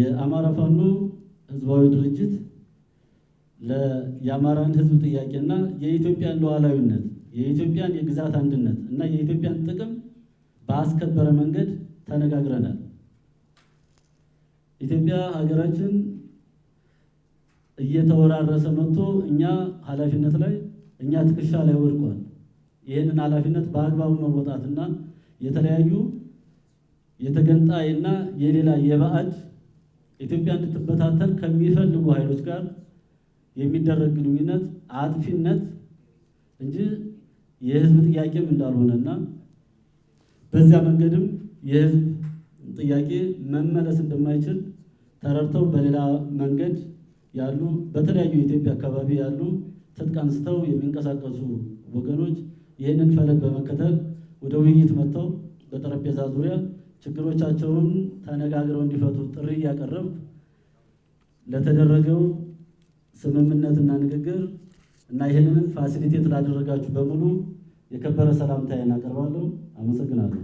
የአማራ ፋኖ ህዝባዊ ድርጅት የአማራን ህዝብ ጥያቄና የኢትዮጵያን ሉዓላዊነት የኢትዮጵያን የግዛት አንድነት እና የኢትዮጵያን ጥቅም በአስከበረ መንገድ ተነጋግረናል። ኢትዮጵያ ሀገራችን እየተወራረሰ መጥቶ እኛ ኃላፊነት ላይ እኛ ትከሻ ላይ ወድቋል። ይህንን ኃላፊነት በአግባቡ መወጣትና የተለያዩ የተገንጣይና የሌላ የባዕድ ኢትዮጵያ እንድትበታተን ከሚፈልጉ ኃይሎች ጋር የሚደረግ ግንኙነት አጥፊነት እንጂ የህዝብ ጥያቄም እንዳልሆነና በዚያ መንገድም የህዝብ ጥያቄ መመለስ እንደማይችል ተረድተው በሌላ መንገድ ያሉ በተለያዩ የኢትዮጵያ አካባቢ ያሉ ትጥቅ አንስተው የሚንቀሳቀሱ ወገኖች ይህንን ፈለግ በመከተል ወደ ውይይት መጥተው በጠረጴዛ ዙሪያ ችግሮቻቸውን ተነጋግረው እንዲፈቱ ጥሪ እያቀረብ ለተደረገው ስምምነትና ንግግር እና ይህንን ፋሲሊቴት ላደረጋችሁ በሙሉ የከበረ ሰላምታዬን አቀርባለሁ። አመሰግናለሁ።